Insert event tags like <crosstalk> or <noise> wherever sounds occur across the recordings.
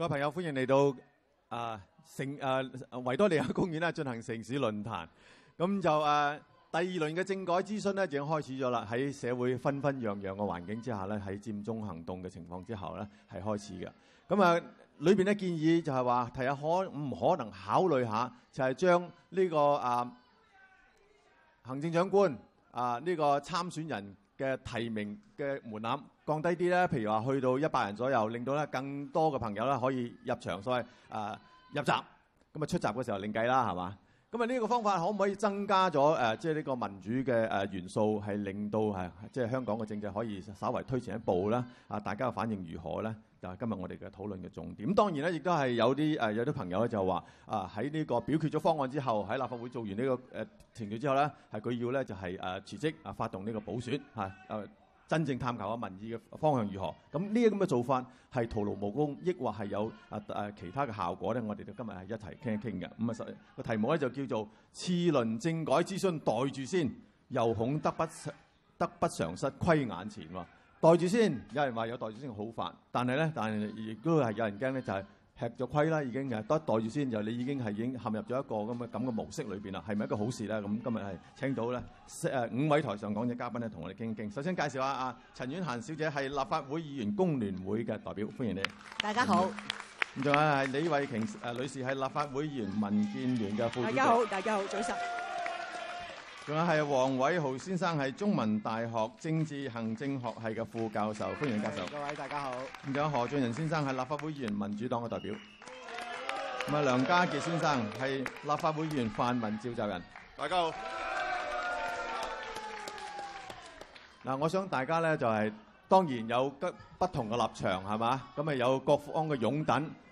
各位朋友，歡迎嚟到啊城啊維多利亞公園咧進行城市論壇。咁就誒第二輪嘅政改諮詢咧，已經開始咗啦。喺社會紛紛揚揚嘅環境之下咧，喺佔中行動嘅情況之後咧，係開始嘅。咁啊裏邊咧建議就係話睇下可唔可能考慮下，就係將呢個啊行政長官啊呢個參選人嘅提名嘅門檻，降低啲咧，譬如話去到一百人左右，令到咧更多嘅朋友咧可以入場，所謂誒、呃、入閘，咁啊出閘嘅時候另計啦，係嘛？咁啊呢個方法可唔可以增加咗誒，即係呢個民主嘅誒元素，係令到誒即係香港嘅政制可以稍為推前一步咧？啊，大家嘅反應如何咧？就係、是、今日我哋嘅討論嘅重點。咁當然咧，亦都係有啲誒、呃、有啲朋友咧就話啊喺呢個表決咗方案之後，喺立法會做完呢、這個誒、呃、程序之後咧，係佢要咧就係、是、誒、呃、辭職啊，發動呢個補選嚇誒。啊呃真正探求下民意嘅方向如何？咁呢啲個咁嘅做法係徒勞無功，抑或係有啊啊其他嘅效果咧？我哋就今日係一齊傾一傾嘅。咁啊，實個題目咧就叫做次輪政改諮詢袋住先，又恐得不得不償失，虧眼前喎。袋住先，有人話有袋住先好煩，但係咧，但係亦都係有人驚咧，就係、是。吃咗虧啦，已經係多一袋住先，就你已經係已經陷入咗一個咁嘅咁嘅模式裏邊啦，係咪一個好事咧？咁今日係請到咧，誒五位台上講者嘉賓咧，同我哋傾一傾。首先介紹下阿阿陳婉嫻小姐，係立法會議員工聯會嘅代表，歡迎你。大家好。咁仲有係李慧瓊誒女士，係立法會議員民建聯嘅副主席。大家好，大家好，早晨。仲有係黃偉豪先生，係中文大學政治行政學系嘅副教授，歡迎教授。各位大家好。仲有何俊仁先生，係立法會議員，民主黨嘅代表。 <laughs> 梁家傑先生，係立法會議員，泛民召集人。大家好。我想大家呢，就係當然有不同嘅立場，係嘛，咁咪有各方嘅擁躉。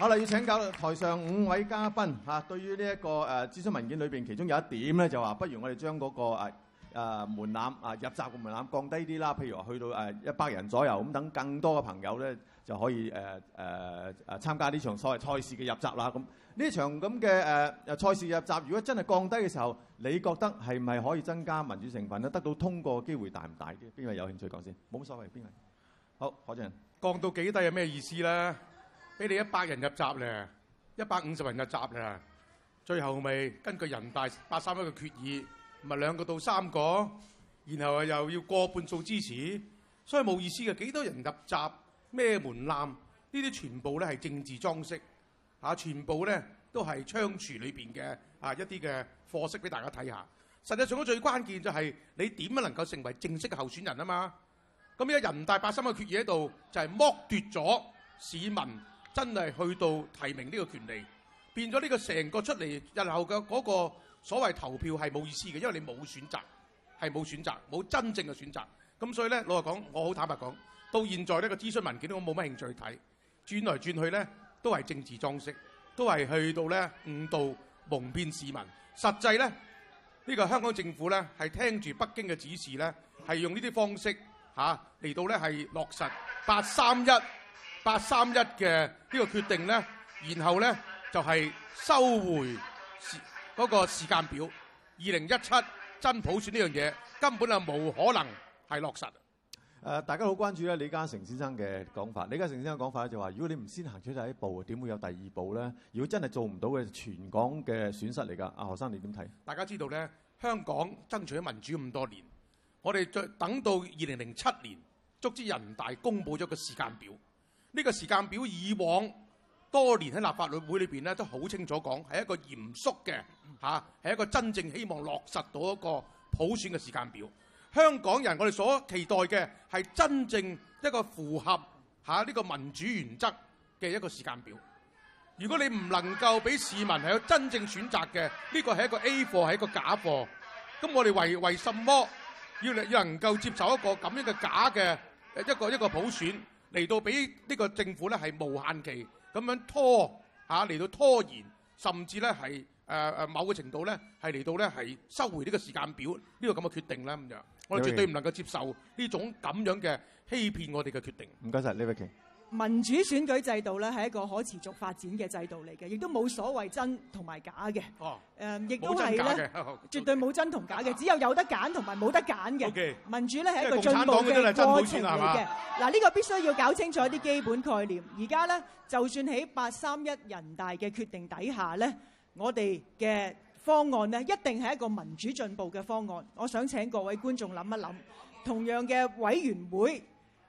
好啦，要請教台上五位嘉賓嚇、啊，對於呢、這、一個誒、啊、諮詢文件裏邊，其中有一點咧，就話不如我哋將嗰、那個誒誒、啊啊、門檻啊入閘嘅門檻降低啲啦。譬如話去到誒一百人左右，咁等更多嘅朋友咧就可以誒誒誒參加呢場所謂賽事嘅入閘啦。咁呢場咁嘅誒誒賽事入閘，如果真係降低嘅時候，你覺得係咪可以增加民主成分咧？得到通過嘅機會大唔大啲？邊位有興趣講先？冇乜所謂，邊位？好，何俊仁，降到幾低有咩意思咧？俾你一百人入閘咧，一百五十人入閘咧，最後咪根據人大八三一嘅決議，咪兩個到三個，然後又要過半數支持，所以冇意思嘅。幾多人入閘，咩門檻？呢啲全部咧係政治裝飾，嚇、啊，全部咧都係櫥窗裏邊嘅啊一啲嘅貨色俾大家睇下。實際上都最關鍵就係、是、你點樣能夠成為正式嘅候選人啊嘛？咁而家人大八三一嘅決議喺度，就係、是、剝奪咗市民。真係去到提名呢個權利，變咗呢個成個出嚟日後嘅嗰個所謂投票係冇意思嘅，因為你冇選擇，係冇選擇，冇真正嘅選擇。咁所以咧，老實講，我好坦白講，到現在呢個諮詢文件我冇乜興趣睇，轉來轉去咧都係政治裝飾，都係去到咧誤導、蒙騙市民。實際咧，呢個香港政府咧係聽住北京嘅指示咧，係用呢啲方式嚇嚟、啊、到咧係落實八三一。八三一嘅呢個決定呢，然後呢就係、是、收回嗰、那個時間表。二零一七真普選呢樣嘢根本就冇可能係落實。誒、呃，大家好關注咧李嘉誠先生嘅講法。李嘉誠先生講法就話：如果你唔先行出第一步，點會有第二步呢？如果真係做唔到嘅，全港嘅損失嚟㗎。阿何生，你點睇？大家知道呢，香港爭取民主咁多年，我哋再等到二零零七年，終於人大公布咗個時間表。呢個時間表以往多年喺立法會裏邊咧都好清楚講，係一個嚴肅嘅吓，係一個真正希望落實到一個普選嘅時間表。香港人我哋所期待嘅係真正一個符合吓呢個民主原則嘅一個時間表。如果你唔能夠俾市民係有真正選擇嘅，呢個係一個 A 貨，係一個假貨，咁我哋為為什麼要，要能夠接受一個咁樣嘅假嘅一個一個普選？嚟到俾呢個政府咧係無限期咁樣拖嚇，嚟、啊、到拖延，甚至咧係誒誒某個程度咧係嚟到咧係收回呢個時間表呢、這個咁嘅決定咧咁樣，我哋絕對唔能夠接受呢種咁樣嘅欺騙我哋嘅決定。唔該晒，李慧瓊。民主選舉制度咧係一個可持續發展嘅制度嚟嘅，亦都冇所謂真同埋假嘅。哦，嗯，亦都係咧，絕對冇真同假嘅，謝謝，只有有得揀同埋冇得揀嘅。謝謝，民主咧係一個進步嘅過程嚟嘅。嗱，呢個必須要搞清楚一啲基本概念。而家咧，就算喺八三一人大嘅決定底下咧，我哋嘅方案咧一定係一個民主進步嘅方案。我想請各位觀眾諗一諗，同樣嘅委員會。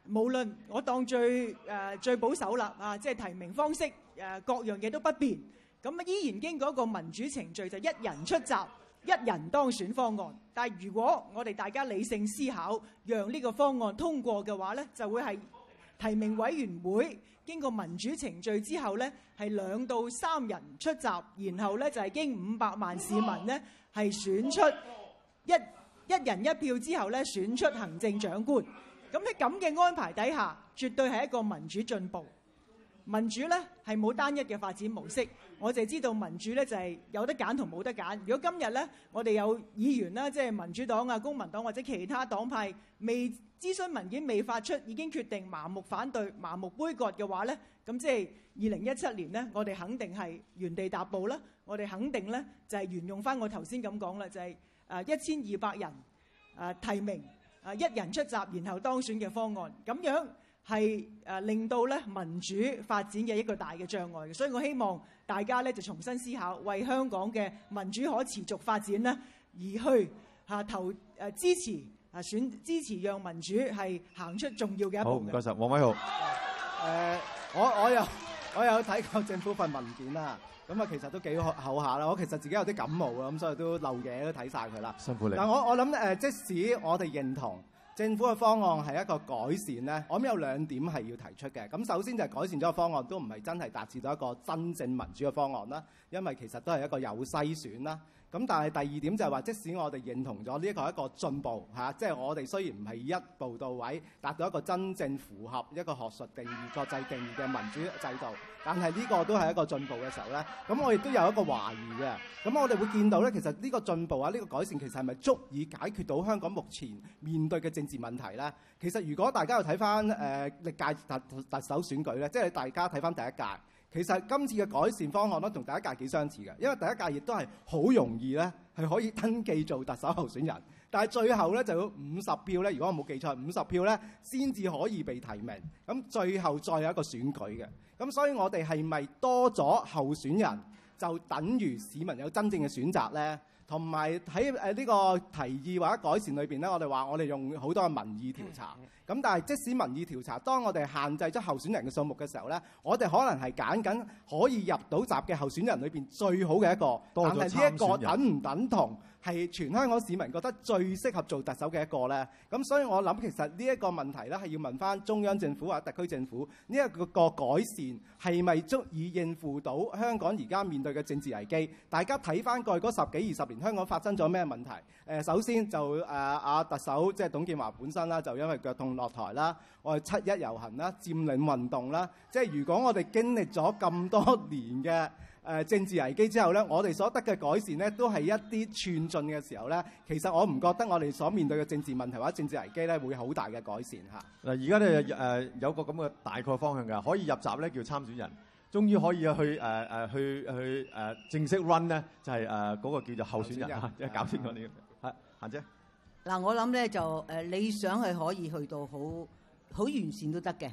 無論我當最誒、啊、最保守啦啊，即係提名方式誒、啊，各樣嘢都不變，咁依然經過一個民主程序，就一人出閘，一人當選方案。但係如果我哋大家理性思考，讓呢個方案通過嘅話呢，就會係提名委員會經過民主程序之後呢，係兩到三人出閘，然後呢，就係經五百萬市民呢，係選出一一人一票之後呢，選出行政長官。咁喺咁嘅安排底下，絕對係一個民主進步。民主呢係冇單一嘅發展模式。我就知道民主呢就係、是、有得揀同冇得揀。如果今日呢，我哋有議員啦，即、就、係、是、民主黨啊、公民黨或者其他黨派未諮詢文件未發出，已經決定盲目反對、盲目杯葛嘅話呢，咁即係二零一七年呢，我哋肯定係原地踏步啦。我哋肯定呢，就係沿用翻我頭先咁講啦，就係誒一千二百人誒提名。一人出閘，然後當選嘅方案，咁樣係誒令到咧民主發展嘅一個大嘅障礙嘅，所以我希望大家咧就重新思考，為香港嘅民主可持續發展咧而去嚇投誒支持啊選支持，支持讓民主係行出重要嘅一步的。好，唔該曬，黃偉豪。誒、呃，我我又我有睇過政府份文件啊。咁啊，其實都幾好下啦！我其實自己有啲感冒啊，咁所以都漏嘢都睇曬佢啦。辛苦你了。但我我諗，即使我哋認同政府嘅方案係一個改善呢，我諗有兩點係要提出嘅。咁首先就係改善咗個方案，都唔係真係達至到一個真正民主嘅方案啦，因為其實都係一個有篩選啦。咁但係第二點就係話，即使我哋認同咗呢個個一個進步即係、啊即係、我哋雖然唔係一步到位達到一個真正符合一個學術定義、國際定義嘅民主制度，但係呢個都係一個進步嘅時候咧。咁我亦都有一個懷疑嘅。咁我哋會見到咧，其實呢個進步啊，呢、呢個改善其實係咪足以解決到香港目前面對嘅政治問題咧？其實如果大家又睇翻誒歷屆特特首選舉咧，即、就、係、是、大家睇翻第一屆。其實今次嘅改善方案咧，同第一屆幾相似嘅，因為第一屆亦都係好容易咧，係可以登記做特首候選人。但係最後咧，就要五十票咧。如果我冇記錯，五十票咧先至可以被提名。咁最後再有一個選舉嘅。咁所以我哋係咪多咗候選人就等於市民有真正嘅選擇咧？同埋喺誒呢個提議或者改善裏面咧，我哋話我哋用好多嘅民意調查。咁但係即使民意調查，當我哋限制咗候選人嘅數目嘅時候咧，我哋可能係揀緊可以入到閘嘅候選人裏邊最好嘅一個，但係呢一個等唔等同係全香港市民覺得最適合做特首嘅一個咧？咁所以我諗其實呢一個問題咧，係要問翻中央政府或者特區政府呢一個個改善係咪足以應付到香港而家面對嘅政治危機？大家睇翻過去嗰十幾二十年，香港發生咗咩問題？誒首先就誒啊，特首即係董建華本身啦，就因為腳痛落台啦。我哋七一遊行啦，佔領運動啦，即係如果我哋經歷咗咁多年嘅誒政治危機之後咧，我哋所得嘅改善咧，都係一啲寸進嘅時候咧，其實我唔覺得我哋所面對嘅政治問題或者政治危機咧，會好大嘅改善嚇。嗱，而家咧誒有個咁嘅大概方向嘅，可以入閘咧叫參選人，終於可以去誒誒去去誒正式 run 咧，就係誒嗰個叫做候選人即係、啊、搞清楚呢。行啫。嗱、啊，我諗咧就誒，理、呃、想係可以去到好好完善都得嘅，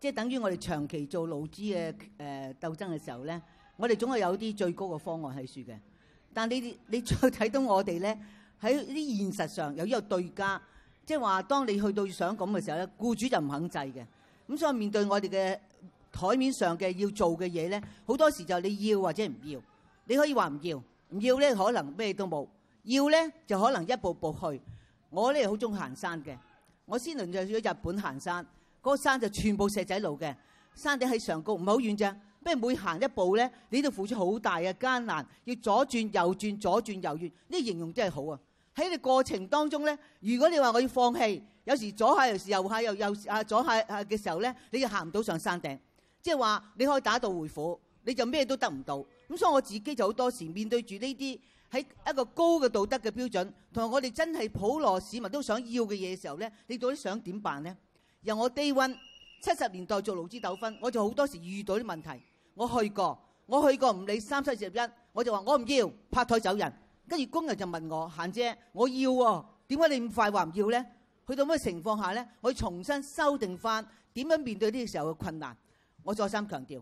即係等於我哋長期做勞資嘅誒、呃、鬥爭嘅時候咧，我哋總係有啲最高嘅方案喺度嘅。但係你你再睇到我哋咧，喺呢啲現實上有呢個對家，即係話當你去到想咁嘅時候咧，僱主就唔肯制嘅。咁所以面對我哋嘅台面上嘅要做嘅嘢咧，好多時就你要或者唔要。你可以話唔要，唔要咧可能咩都冇。要咧就可能一步步去。我咧好中行山嘅，我先輪着去日本行山，嗰、那個、山就全部石仔路嘅，山頂喺上高唔係好遠啫。不過每行一步咧，你都付出好大嘅艱難，要左轉右轉左轉右轉，呢形容真係好啊！喺你過程當中咧，如果你話我要放棄，有時左下又時右下有右啊左下啊嘅時候咧，你就行唔到上山頂。即係話你可以打道回府，你就咩都得唔到。咁所以我自己就好多時面對住呢啲。喺一個高嘅道德嘅標準，同埋我哋真係普羅市民都想要嘅嘢嘅時候咧，你到底想點辦呢？由我 day one 七十年代做勞資糾紛，我就好多時遇到啲問題，我去過，我去過，唔理三七二十一，我就話我唔要，拍台走人。跟住工人就問我：嫻姐，我要喎、啊，點解你咁快話唔要呢？去到咩情況下呢？我要重新修訂翻點樣面對呢個時候嘅困難？我再三強調，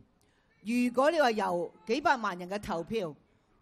如果你話由幾百萬人嘅投票。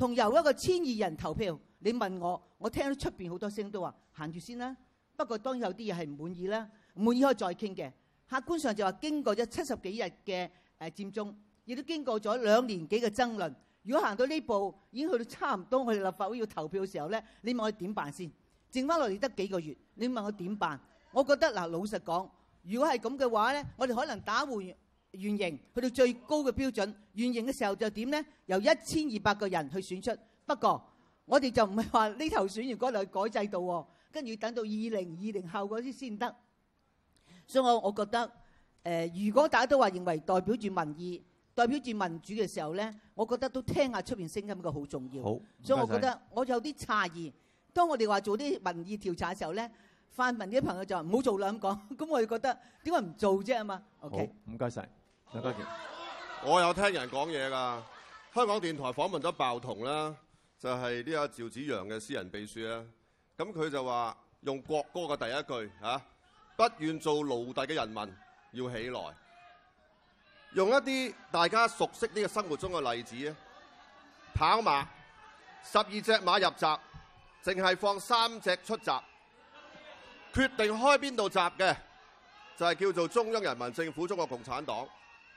同由一個千二人投票，你問我，我聽到出邊好多聲都話行住先啦。不過當然有啲嘢係唔滿意啦，唔滿意可以再傾嘅。客觀上就話經過咗七十幾日嘅誒佔中，亦都經過咗兩年幾嘅爭論。如果行到呢步，已經去到差唔多我哋立法會要投票嘅時候咧，你問我點辦先？剩返落嚟得幾個月，你問我點辦？我覺得嗱，老實講，如果係咁嘅話咧，我哋可能打回完型去到最高嘅標準，完型嘅時候就點咧？由一千二百個人去選出。不過我哋就唔係話呢頭選完嗰度改制度喎，跟住等到二零二零後嗰啲先得。所以我覺得，誒、呃，如果大家都話認為代表住民意、代表住民主嘅時候咧，我覺得都聽下出邊聲音嘅好重要。好謝謝，所以我覺得我有啲詫異，當我哋話做啲民意調查嘅時候咧，泛民啲朋友就話唔好做啦咁講，咁我哋覺得點解唔做啫係嘛？Okay, 好，唔該晒。我有聽人講嘢㗎。香港電台訪問咗鮑彤啦，就係呢個趙紫陽嘅私人秘書啦。咁佢就話用國歌嘅第一句嚇、啊，不願做奴隸嘅人民要起來。用一啲大家熟悉呢個生活中嘅例子咧，跑馬，十二隻馬入閘，淨係放三隻出閘，決定開邊度閘嘅就係、是、叫做中央人民政府中國共產黨。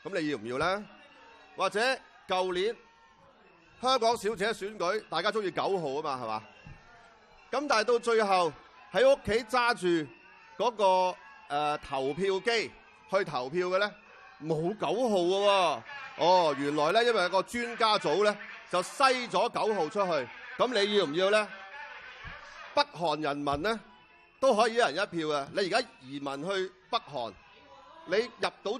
咁你要唔要咧？或者舊年香港小姐選舉，大家中意九號啊嘛，係嘛？咁但係到最後喺屋企揸住嗰個誒投票機去投票嘅咧，冇九號嘅喎。哦，原來咧，因為有個專家組咧就篩咗九號出去。咁你要唔要咧？北韓人民咧都可以一人一票嘅。你而家移民去北韓，你入到。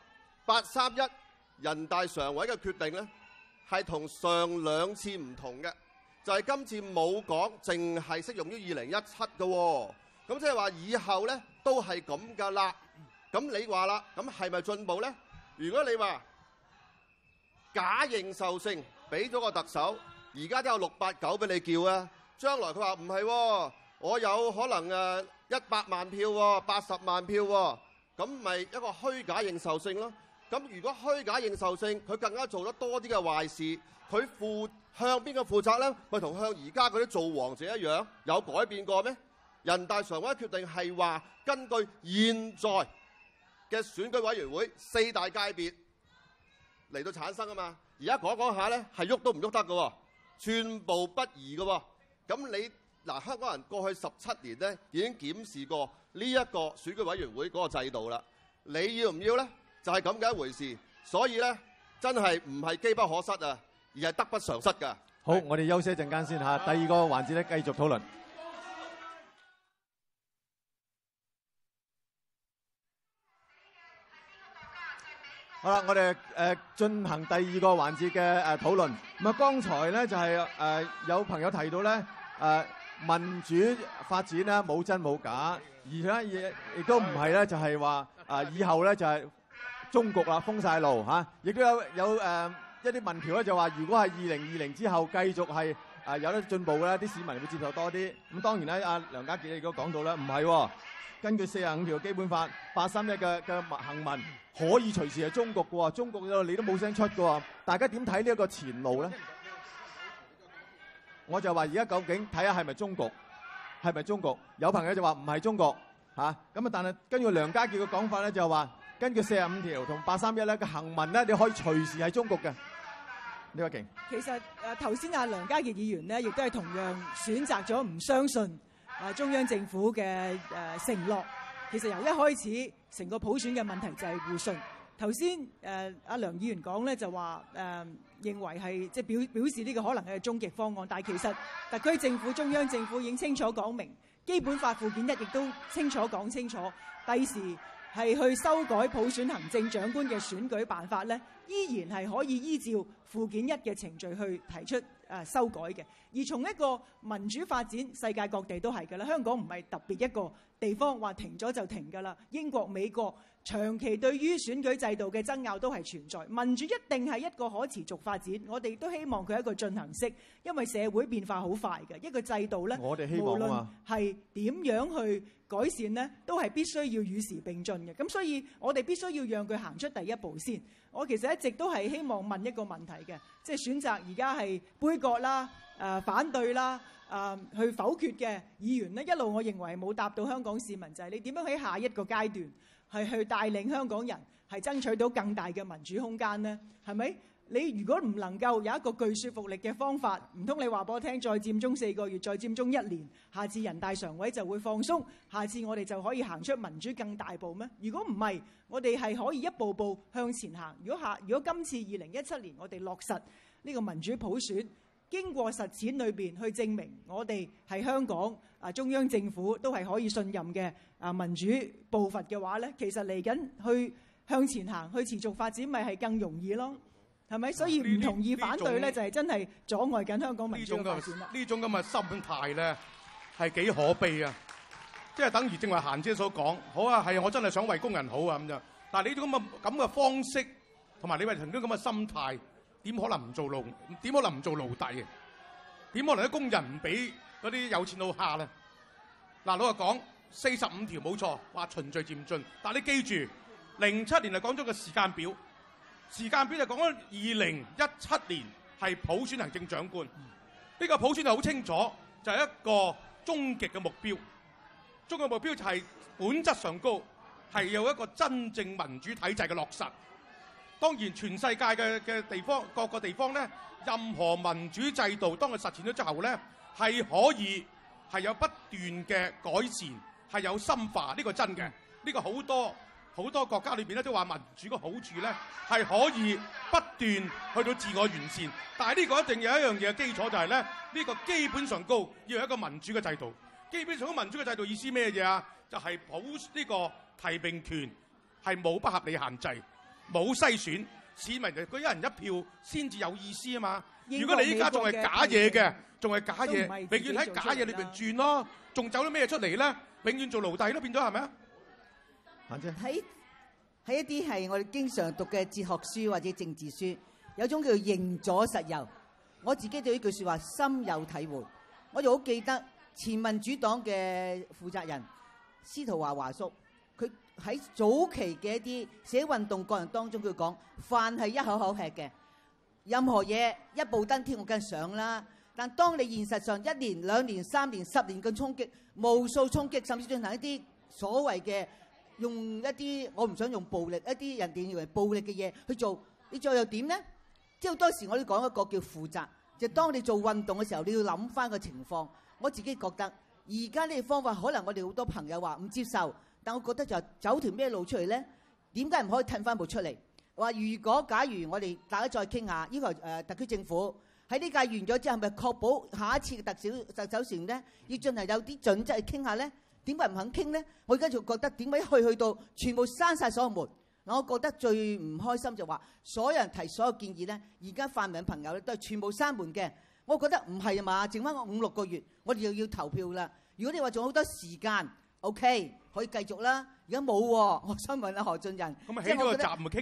八三一人大常委嘅決定咧，係同上兩次唔同嘅，就係、是、今次冇講，淨係適用於二零一七嘅喎。咁即係話以後咧都係咁㗎啦。咁你話啦，咁係咪進步咧？如果你話假認受性俾咗個特首，而家都有六八九俾你叫啊，將來佢話唔係，我有可能誒一百萬票喎、哦，八十萬票喎、哦，咁咪一個虛假認受性咯。咁如果虛假認受性，佢更加做咗多啲嘅壞事，佢負向邊個負責咧？佢同向而家嗰啲做王者一樣有改變過咩？人大常委決定係話根據現在嘅選舉委員會四大界別嚟到產生啊嘛。而家講講下咧，係喐都唔喐得嘅，寸步不移嘅。咁你嗱，香港人過去十七年咧已經檢視過呢一個選舉委員會嗰個制度啦。你要唔要呢？就係咁嘅一回事，所以呢真係唔係機不可失啊，而係得不償失㗎。好，我哋休息一陣間先嚇，第二個環節呢繼續討論。好啦，我哋誒進行第二個環節嘅誒討論。咁啊，剛才呢就係誒有朋友提到呢誒民主發展呢冇真冇假，而呢亦亦都唔係呢就係話啊以後呢就係。終局啊，封晒路嚇，亦都有有誒、呃、一啲民調咧，就話如果係二零二零之後繼續係誒、呃、有得進步嘅咧，啲市民會接受多啲。咁、嗯、當然咧，阿梁家傑亦都講到咧，唔係、哦。根據四十五條基本法發生的，八三一嘅嘅行文可以隨時係終局嘅喎，終局咁你都冇聲出嘅喎。大家點睇呢一個前路咧？我就話而家究竟睇下係咪終局，係咪終局？有朋友就話唔係終局嚇。咁啊，但係根據梁家傑嘅講法咧，就話。根據四十五條同八三一咧，個行文咧，你可以隨時喺中國嘅，李慧瓊。其實誒頭先阿梁家傑議員呢，亦都係同樣選擇咗唔相信誒中央政府嘅誒承諾。其實由一開始成個普選嘅問題就係互信。頭先誒阿梁議員講咧就話誒認為係即係表表示呢個可能係終極方案，但係其實特區政府、中央政府已經清楚講明《基本法》附件一亦都清楚講清楚，第時。係去修改普選行政長官嘅選舉辦法咧，依然係可以依照附件一嘅程序去提出誒修改嘅。而從一個民主發展，世界各地都係嘅啦，香港唔係特別一個地方話停咗就停㗎啦！英國、美國長期對於選舉制度嘅爭拗都係存在，民主一定係一個可持續發展。我哋都希望佢一個進行式，因為社會變化好快嘅一個制度呢，無論係點樣去改善呢，都係必須要與時並進嘅。咁所以我哋必須要讓佢行出第一步先。我其實一直都係希望問一個問題嘅。即係選擇而家係杯葛啦、呃、反對啦、呃、去否決嘅議員咧，一路我認為冇答到香港市民就係、是、你點樣喺下一個階段係去帶領香港人係爭取到更大嘅民主空間咧，係咪？你如果唔能夠有一個具說服力嘅方法，唔通你話俾我聽再佔中四個月，再佔中一年，下次人大常委就會放鬆，下次我哋就可以行出民主更大步咩？如果唔係，我哋係可以一步步向前行。如果下如果今次二零一七年我哋落實呢個民主普選，經過實踐裏面去證明我哋係香港啊中央政府都係可以信任嘅啊民主步伐嘅話呢，其實嚟緊去向前行去持續發展，咪係更容易咯。係咪？所以唔同意反對咧，就係真係阻礙緊香港民主嘅發展。呢種咁嘅心態咧，係幾可悲啊！即係等於正話嫻姐所講，好啊，係我真係想為工人好啊咁就。但係呢種咁嘅咁嘅方式，同埋你為曾經咁嘅心態，點可能唔做奴？點可能唔做奴隸？點可能啲工人唔俾嗰啲有錢佬蝦咧？嗱老實講，四十五條冇錯，話循序漸進。但係你記住，零七年係講咗個時間表。時間表就講緊二零一七年係普選行政長官，呢、這個普選就好清楚，就係、是、一個終極嘅目標。終極目標就係本質上高，係有一個真正民主體制嘅落實。當然，全世界嘅嘅地方，各個地方咧，任何民主制度當佢實踐咗之後咧，係可以係有不斷嘅改善，係有深化，呢、這個真嘅，呢、這個好多。好多國家裏邊咧都話民主嘅好處咧係可以不斷去到自我完善，但係呢個一定有一樣嘢嘅基礎就係咧，呢個基本上高要有一個民主嘅制度。基本上個民主嘅制度意思咩嘢啊？就係保呢個提名權係冇不合理限制，冇篩選，市民就佢一人一票先至有意思啊嘛。如果你依家仲係假嘢嘅，仲係假嘢，永遠喺假嘢裏邊轉咯，仲走咗咩出嚟咧？永遠做奴隸都變咗係咪啊？是喺一啲係我哋經常讀嘅哲學書或者政治書，有種叫做認左實右。我自己對呢句説話深有體會。我就好記得前民主黨嘅負責人司徒華華叔，佢喺早期嘅一啲寫運動過程當中，佢講，飯係一口口吃嘅，任何嘢一步登天，我梗係想啦。但當你現實上一年、兩年、三年、十年咁衝擊，無數衝擊，甚至進行一啲所謂嘅。用一啲我唔想用暴力，一啲人哋認為暴力嘅嘢去做，你最後又點咧？之後當時我哋講一個叫負責，就是、當你做運動嘅時候，你要諗翻個情況。我自己覺得而家呢個方法可能我哋好多朋友話唔接受，但我覺得就走條咩路出嚟咧？點解唔可以褪翻步出嚟？話如果假如我哋大家再傾下，要求誒、呃、特區政府喺呢屆完咗之後咪確保下一次嘅特首特首選咧，要進行有啲準則去傾下咧？點解唔肯傾咧？我而家就覺得點解去去到全部閂晒所有門。我覺得最唔開心就話，所有人提所有建議咧，而家泛民朋友咧都係全部閂門嘅。我覺得唔係啊嘛，剩翻我五六個月，我哋又要投票啦。如果你話仲有好多時間。O、okay, K，可以繼續啦。而家冇喎，我想問下何俊仁個，我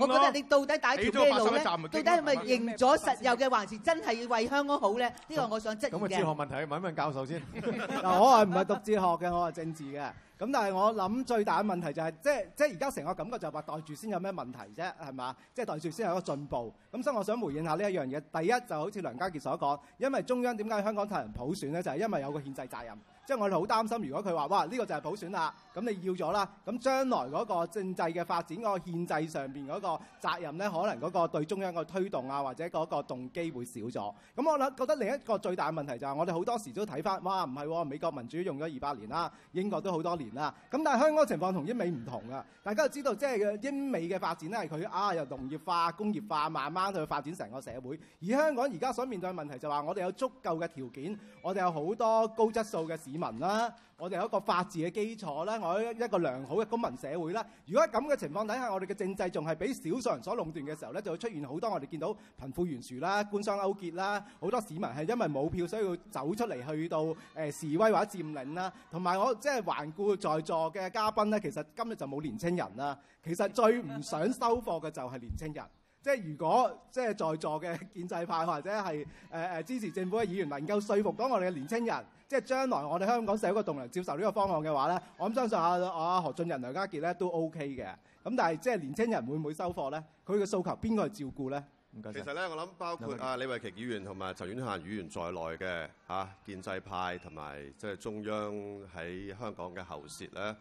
覺得你到底打條咩路到底係咪認咗實有嘅，還是真係要為香港好咧？呢、呢個我想質疑咁啊，哲學問題問一問教授先。 <laughs> 嗱， <laughs> 我係唔係讀哲學嘅？我係政治嘅。咁但係我諗最大嘅問題就係、是，即係即係而家成個感覺就係話袋住先有咩問題啫，係嘛？即係袋住先有一個進步。咁所以我想回應下呢一樣嘢。第一就好似梁家傑所講，因為中央點解香港推行普選咧？就係、是、因為有個憲制責任。即係我哋好擔心，如果佢話哇呢、這個就係普選啦，咁你要咗啦，咁將來嗰個政制嘅發展、嗰、嗰個憲制上邊嗰個責任咧，可能嗰個對中央嘅推動啊，或者嗰個動機會少咗。咁我諗覺得另一個最大嘅問題就係我哋好多時都睇翻，哇唔係、啊、美國民主用咗二百年啦，英國都好多年啦。咁但係香港嘅情況同英美唔同啊！大家又知道，即係英美嘅發展咧，佢啊由農業化、工業化慢慢去發展成個社會。而香港而家所面對嘅問題就係話，我哋有足夠嘅條件，我哋有好多高質素嘅市。民啦，我哋有一個法治嘅基礎啦，我有一個良好嘅公民社會啦。如果喺咁嘅情況底下，我哋嘅政制仲係俾少數人所壟斷嘅時候咧，就會出現好多我哋見到貧富懸殊啦、官商勾結啦，好多市民係因為冇票，所以要走出嚟去到誒、呃、示威或者佔領啦。同埋我即係環顧在座嘅嘉賓咧，其實今日就冇年青人啦。其實最唔想收貨嘅就係年青人。即係如果即係在座嘅建制派或者係誒、呃、支持政府嘅議員能夠說服到我哋嘅年青人。即係將來我哋香港社會個動力接受呢個方案嘅話咧，我諗相信阿、啊、阿、啊、何俊仁、梁家傑咧都 OK 嘅。咁但係即係年青人會唔會收貨咧？佢嘅訴求邊個去照顧咧？其實咧，我諗包括阿李慧瓊議員同埋陳婉嫻議員在內嘅嚇建制派同埋即係中央喺香港嘅喉舌咧，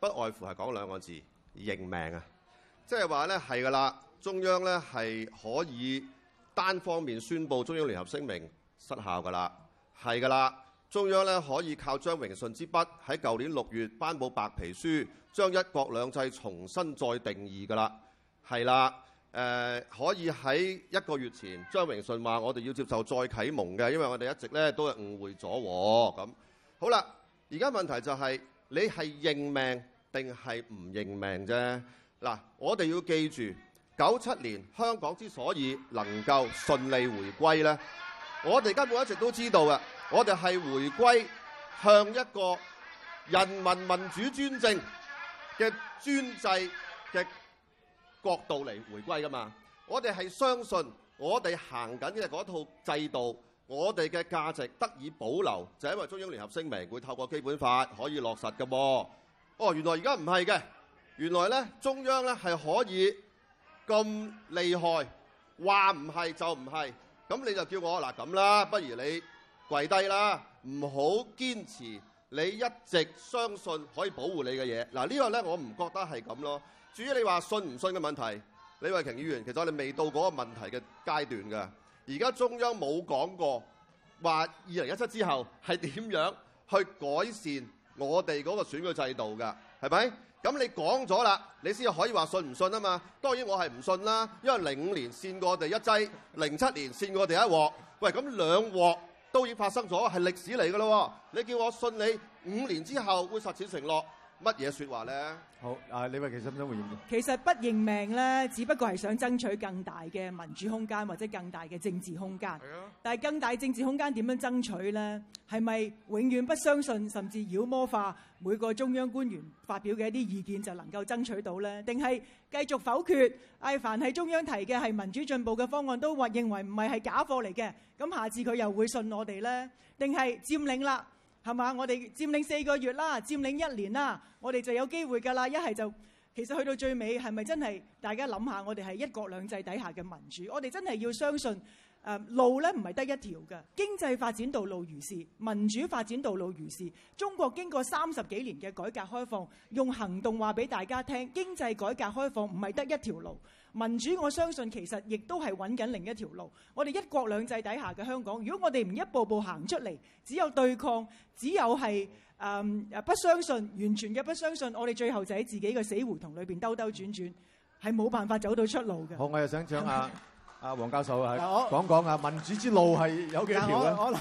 不外乎係講兩個字認命啊！即係話咧，係噶啦，中央咧係可以單方面宣佈中央聯合聲明失效噶啦，係噶啦。中央咧可以靠張榮順之筆喺舊年六月頒布白皮書，將一國兩制重新再定義㗎啦。係啦、呃，可以喺一個月前，張榮順話我哋要接受再啟蒙嘅，因為我哋一直咧都係誤會咗喎、哦。咁好啦，而家問題就係、是、你係認命定係唔認命啫。嗱，我哋要記住，九七年香港之所以能夠順利回歸咧，我哋根本一直都知道嘅。我哋係回歸向一個人民民主專政嘅專制嘅角度嚟回歸㗎嘛？我哋係相信我哋行緊嘅嗰套制度，我哋嘅價值得以保留，就因為中央聯合聲明會透過基本法可以落實㗎噃、哦。哦，原來而家唔係嘅，原來呢中央呢係可以咁厲害，話唔係就唔係。噉你就叫我嗱咁啦，不如你。跪低啦！唔好堅持你一直相信可以保護你嘅嘢嗱。這個、呢個咧，我唔覺得係咁咯。至於你話信唔信嘅問題，李慧瓊議員，其實我哋未到嗰個問題嘅階段㗎。而家中央冇講過話二零一七之後係點樣去改善我哋嗰個選舉制度㗎？係咪咁？你講咗啦，你先可以話信唔信啊嘛。當然我係唔信啦，因為零五年線過我哋一劑，零七年線過我哋一鑊。喂，咁兩鑊。都已經發生咗，係歷史嚟的咯。你叫我信你五年之後會實踐承諾。乜嘢説話咧？好，啊，李慧瓊想唔想回應？其實不認命咧，只不過係想爭取更大嘅民主空間或者更大嘅政治空間。係啊，但係更大政治空間點樣爭取咧？係咪永遠不相信甚至妖魔化每個中央官員發表嘅一啲意見就能夠爭取到咧？定係繼續否決？係凡係中央提嘅係民主進步嘅方案，都話認為唔係係假貨嚟嘅。咁下次佢又會信我哋咧？定係佔領啦？係嘛？我哋佔領四個月啦，佔領一年啦，我哋就有機會㗎啦。一係就其實去到最尾係咪真係大家諗下？我哋係一國兩制底下嘅民主，我哋真係要相信、呃、路呢唔係得一條㗎。經濟發展道路如是，民主發展道路如是。中國經過三十幾年嘅改革開放，用行動話俾大家聽，經濟改革開放唔係得一條路。民主我相信其實亦都係揾緊另一條路。我哋一國兩制底下嘅香港，如果我哋唔一步步行出嚟，只有對抗，只有係誒、嗯、不相信，完全嘅不相信，我哋最後就喺自己嘅死胡同裏邊兜兜轉轉，係冇辦法走到出路嘅。好，我又想請下阿王教授係講講啊，民主之路係有幾條咧？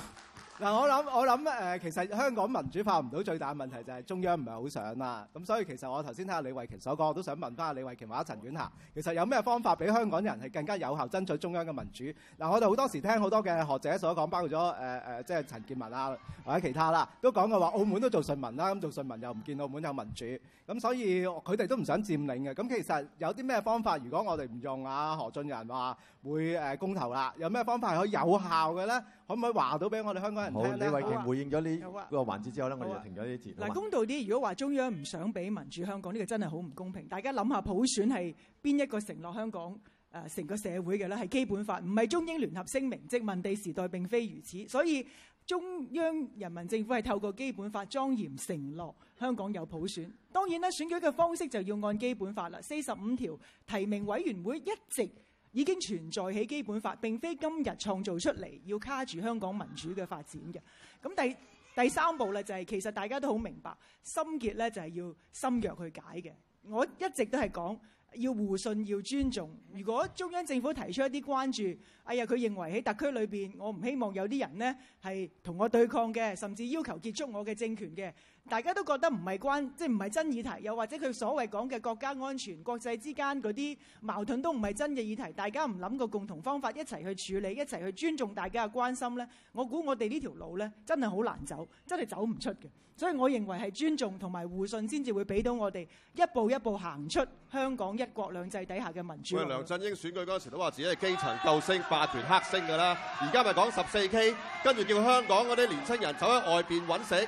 嗱，我諗我諗誒，其實香港民主化唔到最大嘅問題就係中央唔係好想啦。咁所以其實我頭先睇下李慧瓊所講，我都想問翻下李慧瓊或者陳婉嫻，其實有咩方法俾香港人係更加有效爭取中央嘅民主？嗱、呃，我哋好多時聽好多嘅學者所講，包括咗誒即係陳建文啊，或者其他啦，都講過話，澳門都做順民啦，咁做順民又唔見澳門有民主。咁所以佢哋都唔想佔領嘅。咁其實有啲咩方法？如果我哋唔用啊何俊仁話會誒公投啦，有咩方法係可以有效嘅咧？可唔可以話到俾我哋香港人聽？好，李慧瓊回應咗呢個環節之後咧、啊，我哋就停咗呢啲節。嗱，公道啲，如果話中央唔想俾民主香港，呢、呢個真係好唔公平。大家諗下，普選係邊一個承諾香港成、呃、個社會嘅咧？係基本法，唔係中英聯合聲明。殖民地時代並非如此，所以中央人民政府係透過基本法莊嚴承諾香港有普選。當然啦，選舉嘅方式就要按基本法啦。四十五條提名委員會一直，已經存在喺基本法，並非今日創造出嚟要卡住香港民主嘅發展嘅。咁第第三步啦、就係，就係其實大家都好明白，心結咧就係要心藥去解嘅。我一直都係講要互信、要尊重。如果中央政府提出一啲關注，哎呀，佢認為喺特區裏面，我唔希望有啲人呢係同我對抗嘅，甚至要求結束我嘅政權嘅。大家都覺得唔係關，即係唔係真議題，又或者佢所謂講嘅國家安全、國際之間嗰啲矛盾都唔係真嘅議題，大家唔諗個共同方法一齊去處理，一齊去尊重大家嘅關心咧，我估我哋呢條路咧真係好難走，真係走唔出嘅。所以我認為係尊重同埋互信先至會俾到我哋一步一步行出香港一國兩制底下嘅民主。梁振英選舉嗰時都話自己係基層救星、霸團黑星㗎啦，而家咪講十四 K，跟住叫香港嗰啲年青人走喺外邊揾食。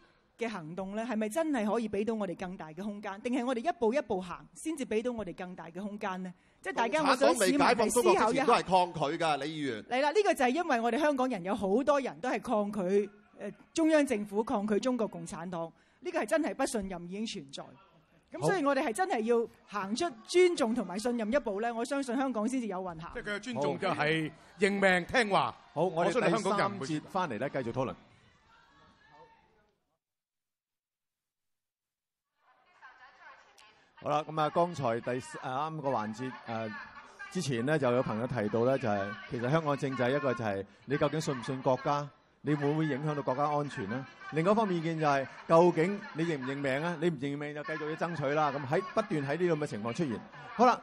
嘅行動咧，係咪真係可以俾到我哋更大嘅空間？定係我哋一步一步行，先至俾到我哋更大嘅空間呢？即係大家我想市民思考都係抗拒㗎，李議員。嚟啦，呢、這個就係因為我哋香港人有好多人都係抗拒誒、呃、中央政府，抗拒中國共產黨。呢、這個係真係不信任已經存在。咁所以我哋係真係要行出尊重同埋信任一步咧，我相信香港先至有運行。即係佢嘅尊重嘅係、就是、認命聽話。好，我哋香港人第三節翻嚟咧，繼續討論。好啦，咁啊，剛才第啊啱個環節、呃、之前呢，就有朋友提到呢，就係、是、其實香港政制一個就係你究竟信唔信國家？你會唔會影響到國家安全呢？另外一方面意見就係、是、究竟你認唔認命啊？你唔認命就繼續要爭取啦。咁喺不斷喺呢個咁嘅情況出現。好啦，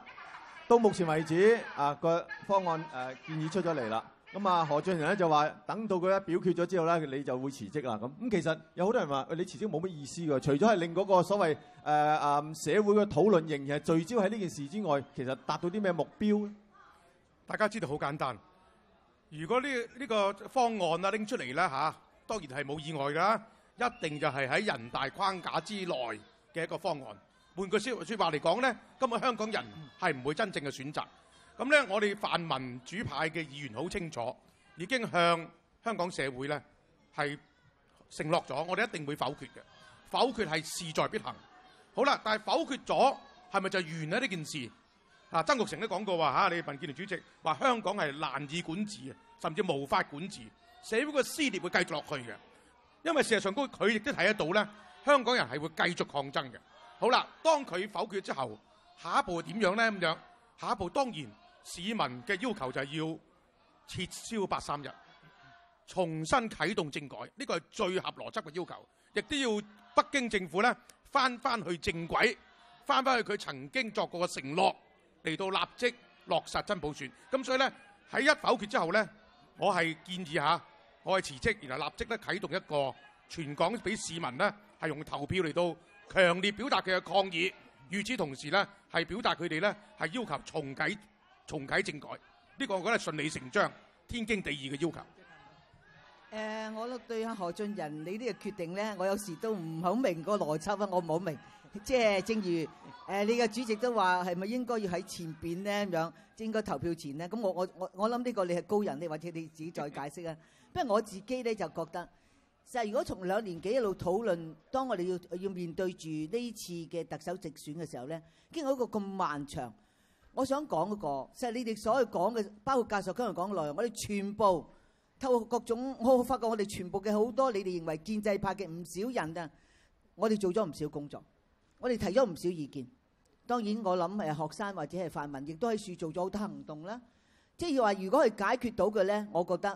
到目前為止啊、呃、個方案、呃、建議出咗嚟啦。咁啊，何俊仁咧就話，等到佢一表決咗之後咧，你就會辭職啦。咁咁其實有好多人話，你辭職冇乜意思㗎，除咗係令嗰個所謂誒誒、呃、社會嘅討論仍然係聚焦喺呢件事之外，其實達到啲咩目標咧？大家知道好簡單，如果呢呢個方案啊拎出嚟咧嚇，當然係冇意外㗎，一定就係喺人大框架之內嘅一個方案。換句説説話嚟講咧，今日香港人係唔會真正嘅選擇。咁咧，我哋泛民主派嘅議員好清楚，已經向香港社會咧係承諾咗，我哋一定會否決嘅，否決係勢在必行。好啦，但係否決咗係咪就完咧呢件事？玉啊，曾鈺成都講過話嚇，你民建聯主席話香港係難以管治啊，甚至無法管治，社會嘅撕裂會繼續落去嘅。因為事實上，嗰佢亦都睇得到咧，香港人係會繼續抗爭嘅。好啦，當佢否決之後，下一步係點樣咧？咁樣，下一步當然。市民嘅要求就係要撤銷八三一，重新啟動政改，呢個係最合邏輯嘅要求。亦都要北京政府咧翻翻去正軌，翻翻去佢曾經作過嘅承諾，嚟到立即落實真普選。咁所以咧，喺一否決之後咧，我係建議吓，我係辭職，然後立即咧啟動一個全港俾市民咧係用投票嚟到強烈表達佢嘅抗議，與此同時咧係表達佢哋咧係要求重啟。重啟政改，呢、這個我覺得是順理成章、天經地義嘅要求。誒、呃，我對阿何俊仁你呢個決定咧，我有時都唔好明個邏輯啊，我唔好明。即、就、係、是、正如誒、呃，你嘅主席都話，係咪應該要喺前邊呢？咁樣，應該投票前呢。咁我我我我諗呢個你係高人，你或者你自己再解釋啊。 <laughs> 不過我自己咧就覺得，就係如果從兩年幾一路討論，當我哋要要面對住呢次嘅特首直選嘅時候咧，經過一個咁漫長。我想講嗰個，即係你哋所有講嘅，包括教授今日講嘅內容，我哋全部透過各種，我發覺我哋全部嘅好多你哋認為建制派嘅唔少人啊，我哋做咗唔少工作，我哋提咗唔少意見。當然我諗係學生或者係泛民，亦都喺樹做咗好多行動啦。即係話如果係解決到嘅咧，我覺得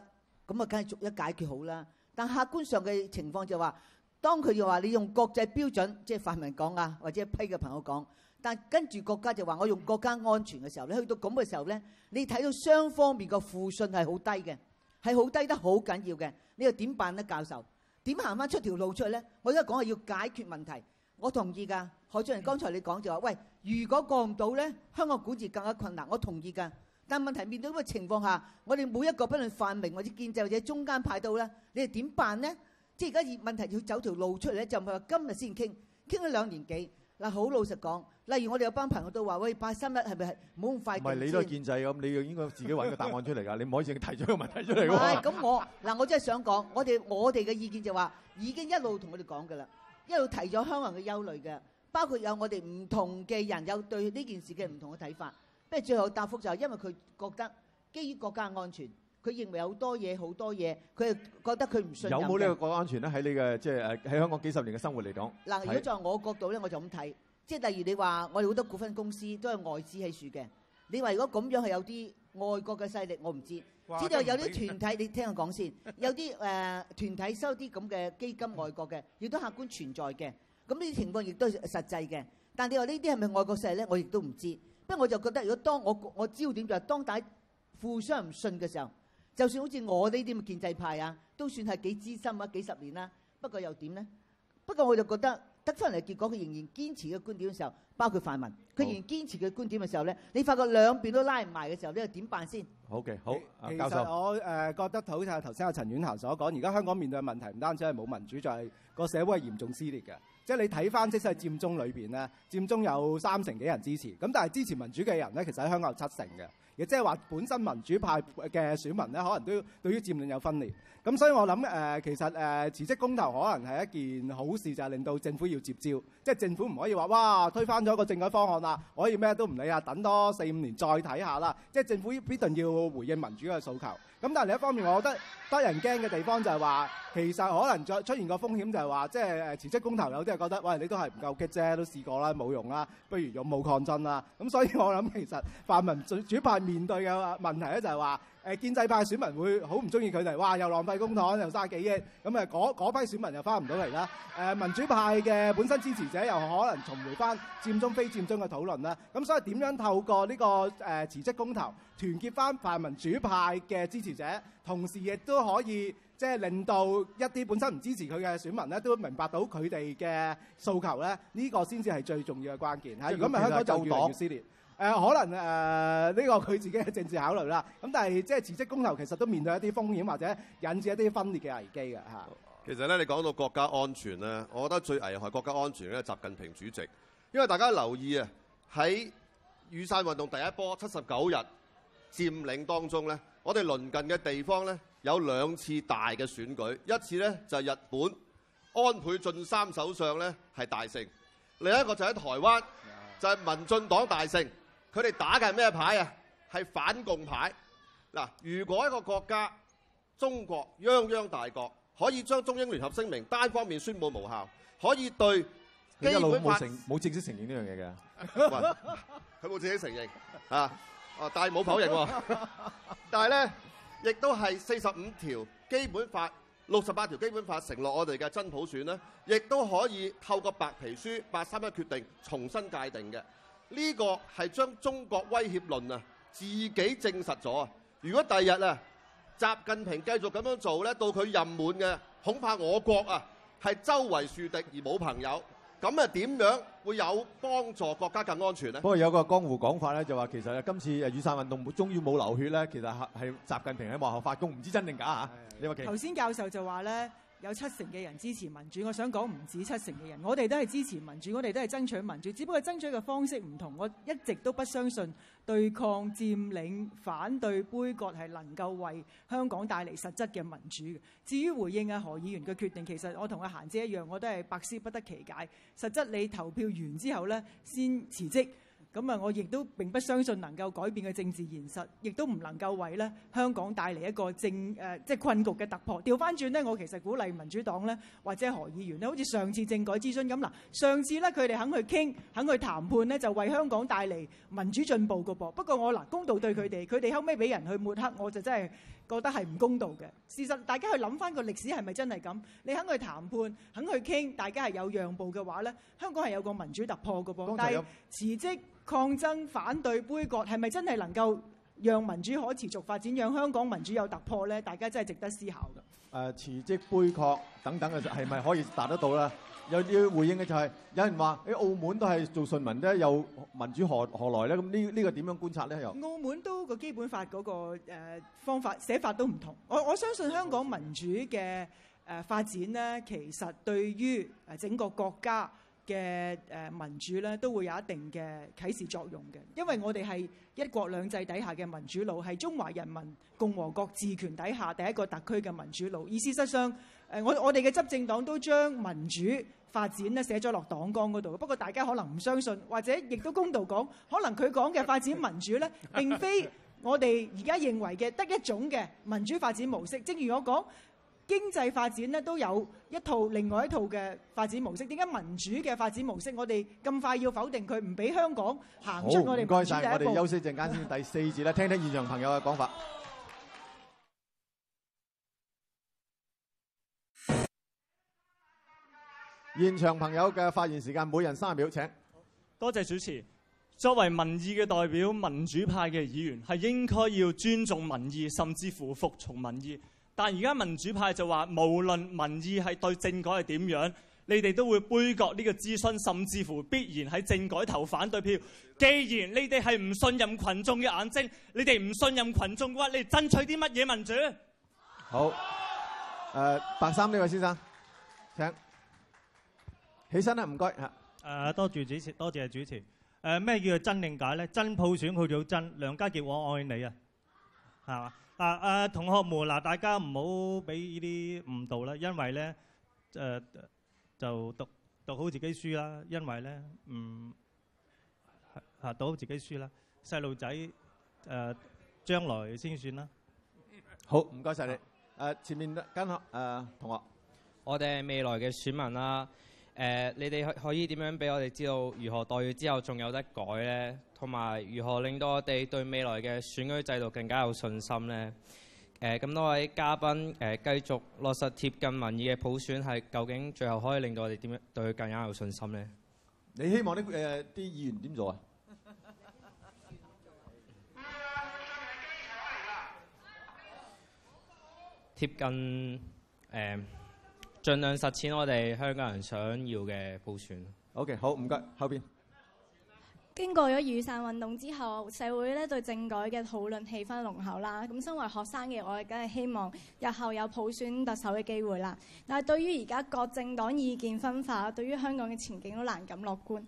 咁啊，梗係逐一解決好啦。但客觀上嘅情況就話、是，當佢要話你用國際標準，即係泛民講啊，或者批嘅朋友講。但跟住國家就話我用國家安全嘅時候咧，去到咁嘅時候咧，你睇到雙方面個互信係好低嘅，係好低得好緊要嘅。你又點辦咧，教授？點行翻出條路出嚟咧？我而家講係要解決問題，我同意㗎。何俊仁剛才你講就話，喂，如果過唔到咧，香港管治更加困難，我同意㗎。但問題面對呢個情況下，我哋每一個，不論泛民或者建制或者中間派到咧，你哋點辦咧？即係而家要問題要走條路出嚟，就唔係話今日先傾，傾咗兩年幾。嗱，好老實講，例如我哋有班朋友都話喂，八三一係咪係唔好咁快？唔係你都係建制咁，你要應該自己搵個答案出嚟㗎， <laughs> 你唔可以淨提咗個問題出嚟㗎。咁我嗱，我真係想講，我哋我哋嘅意見就話、是、已經一路同佢哋講㗎啦，一路提咗香港嘅憂慮嘅，包括有我哋唔同嘅人有對呢件事嘅唔同嘅睇法，不、嗯、係最後答覆就係因為佢覺得基於國家安全。佢認為好多嘢，好多嘢，佢覺得佢唔信任。有冇呢個國家安全咧？喺你嘅即係喺香港幾十年嘅生活嚟講。嗱，如果就係我角度咧，我就咁睇。即係例如你話，我哋好多股份公司都係外資起樹嘅。你話如果咁樣係有啲外國嘅勢力，我唔知。知道有啲團體，你聽我講先。有啲誒團體收啲咁嘅基金，外國嘅，亦都客觀存在嘅。咁呢啲情況亦都係實際嘅。但係你話呢啲係咪外國勢力咧，我亦都唔知。不過我就覺得，如果當我我焦點就係當大家互相唔信嘅時候。就算好似我呢啲嘅建制派啊，都算係幾資深啊，幾十年啦、啊。不過又點咧？不過我就覺得得翻嚟結果，佢仍然堅持嘅觀點嘅時候，包括泛民，佢仍然堅持嘅觀點嘅時候咧，你發覺兩邊都拉唔埋嘅時候，你又呢個點辦先？Okay, 好嘅，好，教授，我誒覺得好似啊，頭先阿陳婉嫻所講，而家香港面對嘅問題唔單止係冇民主，就係個社會係嚴重撕裂嘅。即係你睇翻即使佔中裏面咧，佔中有三成幾人支持，咁但係支持民主嘅人咧，其實喺香港有七成嘅。亦即係話本身民主派嘅選民咧，可能都對於佔領有分裂。咁所以我諗誒、呃，其實誒、呃、辭職公投可能係一件好事，就係、是、令到政府要接招，即、就、係、是、政府唔可以話哇推翻咗個政改方案啦，可以咩都唔理啊，等多四五年再睇下啦。即、就、係、是、政府必定要回應民主嘅訴求。咁但係另一方面，我覺得得人驚嘅地方就係話，其實可能再出現個風險就係話，即係誒辭職公投有啲人覺得，喂，你都係唔夠激啫，都試過啦冇用啦，不如勇武抗爭啦。咁所以我諗其實泛民主派。面對嘅問題咧，就係話誒建制派選民會好唔中意佢哋，哇！又浪費公帑，又嘥幾億，咁啊嗰嗰批選民又翻唔到嚟啦。誒民主派嘅本身支持者又可能重回翻佔中非佔中嘅討論啦。咁所以點樣透過呢個誒辭職公投，團結翻泛民主派嘅支持者，同時亦都可以即係令到一啲本身唔支持佢嘅選民咧，都明白到佢哋嘅訴求咧，呢個先至係最重要嘅關鍵嚇。如果唔係香港就越嚟越撕裂。誒、呃、可能誒呢、呃這個佢自己嘅政治考慮啦，咁但係即係辭職公投其實都面對一啲風險或者引致一啲分裂嘅危機嘅嚇。其實咧，你講到國家安全咧，我覺得最危害國家安全咧，係習近平主席，因為大家留意啊，喺雨傘運動第一波七十九日佔領當中咧，我哋鄰近嘅地方咧有兩次大嘅選舉，一次咧就係、是、日本安倍晉三首相咧係大勝，另一個就喺台灣就係、是、民進黨大勝。佢哋打嘅係咩牌啊？係反共牌。嗱，如果一個國家，中國泱泱大國，可以將中英聯合聲明單方面宣佈無效，可以對基本法冇正式承認呢樣嘢嘅，佢 <laughs> 冇自己承認啊。哦、啊，但係冇否認喎。但係咧，亦都係四十五條基本法、六十八條基本法承諾我哋嘅真普選咧，亦都可以透過白皮書、八三一決定重新界定嘅。呢個係將中國威脅論啊，自己證實咗啊！如果第日啊，習近平繼續咁樣做咧，到佢任滿嘅，恐怕我國啊係周圍樹敵而冇朋友。咁啊，點樣會有幫助國家更安全咧？不過有個江湖講法咧，就話其實啊，今次雨傘運動終於冇流血咧，其實係習近平喺幕後發功，唔知真定假啊？你話，頭先教授就話咧。有七成嘅人支持民主，我想講唔止七成嘅人，我哋都係支持民主，我哋都係爭取民主，只不過爭取嘅方式唔同。我一直都不相信對抗佔領、反對杯葛係能夠為香港帶嚟實質嘅民主的。至於回應啊何議員嘅決定，其實我同阿嫻姐一樣，我都係百思不得其解。實質你投票完之後呢，先辭職。咁啊，我亦都並不相信能夠改變嘅政治現實，亦都唔能夠為咧香港帶嚟一個政誒即係困局嘅突破。調翻轉咧，我其實鼓勵民主黨咧或者何議員咧，好似上次政改諮詢咁嗱，上次咧佢哋肯去傾、肯去談判咧，就為香港帶嚟民主進步㗎噃。不過我嗱，公道對佢哋，佢哋後尾俾人去抹黑，我就真係覺得係唔公道嘅。事實大家去諗翻個歷史係咪真係咁？你肯去談判、肯去傾，大家係有讓步嘅話咧，香港係有個民主突破㗎噃。但係辭職。抗爭、反對、杯葛，係咪真係能夠讓民主可持續發展，讓香港民主有突破咧？大家真係值得思考嘅、呃。誒辭職杯葛等等嘅，係咪可以達得到咧？有啲回應嘅就係、是、有人話：喺、欸、澳門都係做順民啫，有民主何何來咧？咁呢呢個點、這個、樣觀察咧？又澳門都個基本法嗰個方法寫法都唔同。我我相信香港民主嘅誒發展咧，其實對於誒整個國家，嘅誒民主咧都會有一定嘅啟示作用嘅，因為我哋係一國兩制底下嘅民主路，係中華人民共和國治權底下第一個特區嘅民主路。意，事實上，誒，我我哋嘅執政黨都將民主發展咧寫咗落黨綱嗰度。不過大家可能唔相信，或者亦都公道講，可能佢講嘅發展民主咧，並非我哋而家認為嘅得一種嘅民主發展模式。正如我講。經濟發展咧都有一套另外一套嘅發展模式，點解民主嘅發展模式我哋咁快要否定佢，唔俾香港行出我哋第一步？好，唔該晒，我哋休息陣間先第四節啦，聽聽現場朋友嘅講法。現場朋友嘅發言時間每人三十秒，請。多謝主持。作為民意嘅代表，民主派嘅議員係應該要尊重民意，甚至乎服，服從民意。但而家民主派就話，無論民意係對政改係點樣，你哋都會杯葛呢個諮詢，甚至乎必然喺政改投反對票。既然你哋係唔信任群眾嘅眼睛，你哋唔信任群眾嘅話，你哋爭取啲乜嘢民主？好，誒、呃、白衫呢位先生，請起身啦，唔該嚇。誒、呃、多謝主持，多謝主持。誒、呃、咩叫做真定假咧？真普選叫做真。梁家傑，我愛你啊，係嘛？啊啊，同學們，嗱，大家唔好俾呢啲誤導啦，因為咧誒、呃、就讀讀好自己書啦，因為咧嗯下下、啊、讀好自己書啦，細路仔誒將來先算啦。好，唔該晒你。誒、啊，前面跟學、啊、同學，我哋未來嘅選民啦、啊。誒、呃，你哋可可以點樣俾我哋知道如何待遇之後仲有得改咧？同埋如何令到我哋對未來嘅選舉制度更加有信心呢？誒、呃、咁多位嘉賓誒、呃、繼續落實貼近民意嘅普選係，究竟最後可以令到我哋點樣對佢更加有信心呢？你希望啲誒啲議員點做啊？ <laughs> 貼近誒，盡、呃、量實踐我哋香港人想要嘅普選。OK，好，唔該，後邊。經過咗雨傘運動之後，社會咧對政改嘅討論氣氛濃厚啦。咁身為學生嘅我，梗係希望日後有普選特首嘅機會啦。但係對於而家各政黨意見分化，對於香港嘅前景都難咁樂觀。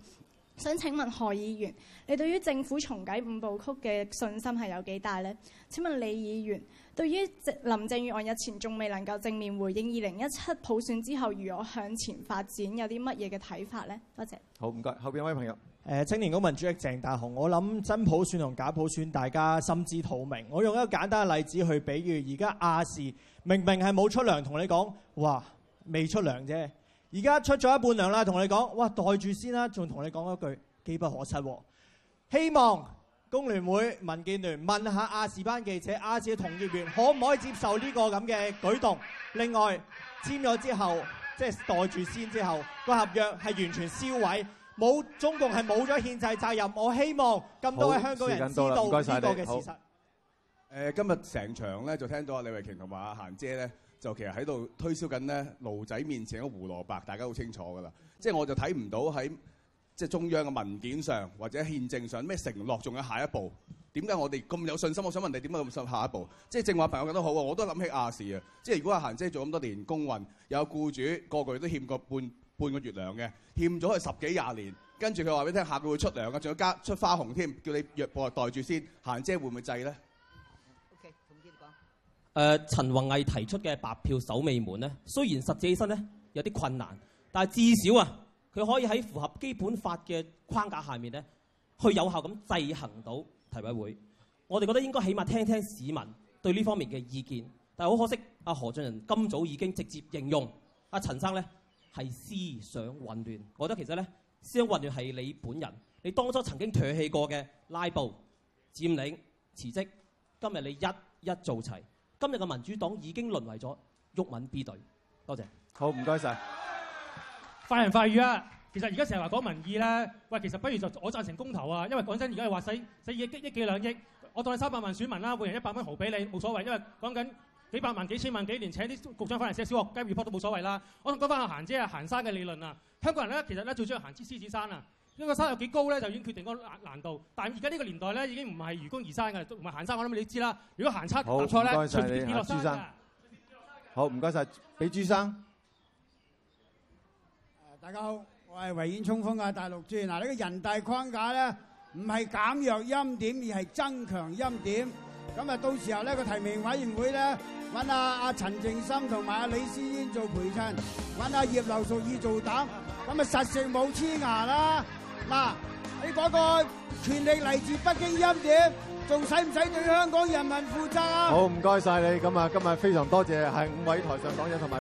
想請問何議員，你對於政府重啓五部曲嘅信心係有幾大呢？請問李議員，對於林鄭月娥日前仲未能夠正面回應二零一七普選之後如何向前發展，有啲乜嘢嘅睇法呢？多謝，謝。好，唔該。後邊位朋友。青年公民主席鄭大雄，我諗真普選同假普選，大家心知肚明。我用一個簡單嘅例子去比喻，而家亞視明明係冇出糧，同你講，哇，未出糧啫。而家出咗一半糧啦，同你講，哇，袋住先啦，啊，仲同你講一句，機不可失喎，啊。希望工聯會、民建聯問下亞視班記者、亞視嘅同業員，可唔可以接受呢個咁嘅舉動？另外簽咗之後，即係袋住先之後，個合約係完全燒毀。冇中共係冇咗憲制責任，我希望咁多位香港人知道呢個嘅事實。誒，今日成場咧就聽到阿李慧瓊同埋阿嫺姐咧，就其實喺度推銷緊咧驢仔面前嘅胡蘿蔔，大家好清楚㗎啦。即係我就睇唔到喺即係中央嘅文件上或者憲政上咩承諾仲有下一步？點解我哋咁有信心？我想問你點解咁信下一步？即係正話朋友講得好啊，我都諗起亞視啊。即係如果阿嫺姐做咁多年工運，有僱主個個都欠過半半個月糧嘅欠咗係十幾廿年，跟住佢話俾聽下個會出糧嘅，仲有加出花紅添，叫你若無袋住先。嫻姐會唔會制咧？OK，唔知你講陳弘毅提出嘅白票守尾門咧，雖然實際起身咧有啲困難，但係至少啊，佢可以喺符合基本法嘅框架下面咧，去有效咁制衡到提委會。我哋覺得應該起碼聽聽市民對呢方面嘅意見，但係好可惜，阿何俊仁今早已經直接應用阿、啊、陳生咧。係思想混亂，我覺得其實咧，思想混亂係你本人。你當初曾經唾棄過嘅拉布、佔領、辭職，今日你一一做齊。今日嘅民主黨已經淪為咗毓民 B 隊。多謝。好，唔該晒。快人快語啊！其實而家成日話講民意咧，喂，其實不如就我贊成公投啊，因為講真，而家係話使使億億幾兩億，我當你三百萬選民啦，每人一百蚊毫俾你，冇所謂，因為講緊。幾百萬、幾千萬，幾年請啲局長翻嚟寫小學雞 report 都冇所謂啦。我同講翻阿嫻姐行山嘅理論啊。香港人咧，其實咧最中意行支獅子山啊。呢個山有幾高咧，就已經決定嗰難度。但而家呢個年代咧，已經唔係愚公移山嘅，唔係行山。我諗你哋知啦。如果行差踏錯咧，隨時跌落山嘅。好，唔該曬，俾朱生。大家好，我係維園衝鋒嘅大陸朱。嗱，呢個人大框架咧，唔係減弱陰點，而係增強陰點。咁啊，到時候呢個提名委員會咧。揾阿阿陳靜生同埋阿李詩煙做陪襯，揾阿葉劉淑儀做膽，咁啊實食冇黐牙啦！嗱，你嗰個權力嚟自北京欽點，仲使唔使對香港人民負責啊？好，唔該曬你，咁啊今日非常多謝係五位台上講者同埋。